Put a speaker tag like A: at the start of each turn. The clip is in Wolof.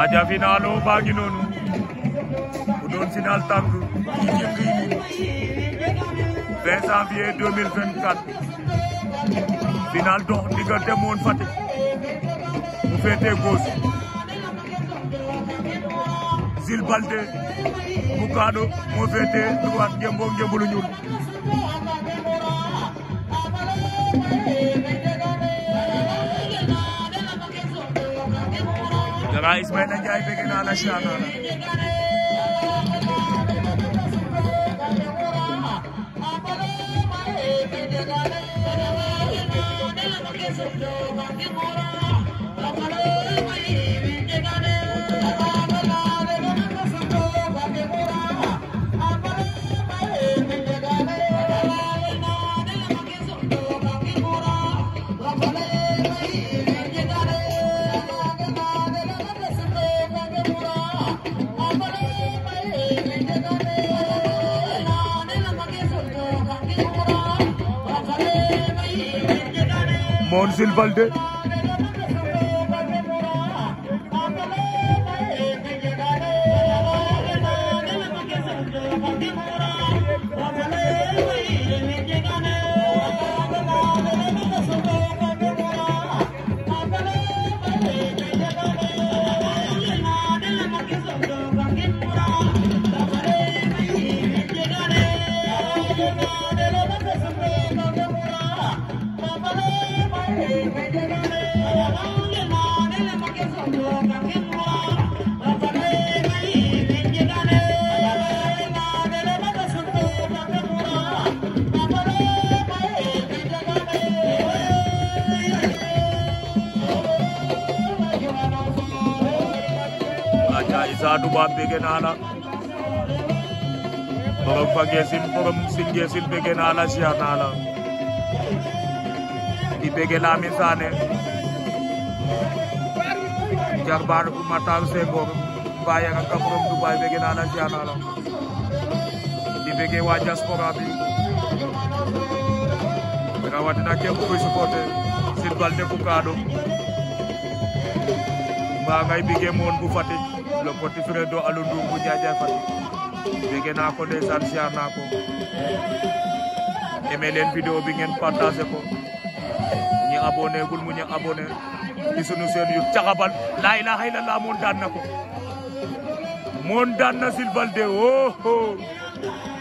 A: aja final o baa ngi noonu bu doon yi 20 janvier 2024 final dox diggante moon Fatick bu féetee gauche Jules Baldé bu Kaado moo féetee droite guys, when I get big in all the channel. Thank you. Monsil Balde. Thank satu babe kenala Orang pagesin, orang singgesin pegenala sianala di bége Lamine Sané jarbaar bu Matar Senghor Baye ak ak borom Dubaay naa la ziar naa la di bi rawatina képp kuy supporté Jules Baldé bu Kaado mbaa ngay bége moon bu Fatick le petit do Alou Ndour bu Ndiadiaye Fatick naa ko ndeysaan ziar naa ko aimé bi ngeen partagé ko abonné gul mu ñu abonné ci sunu seen yu caxabal laa ilaha illallah moon daan na ko moon daan na Jules Baldé oo oh, oh.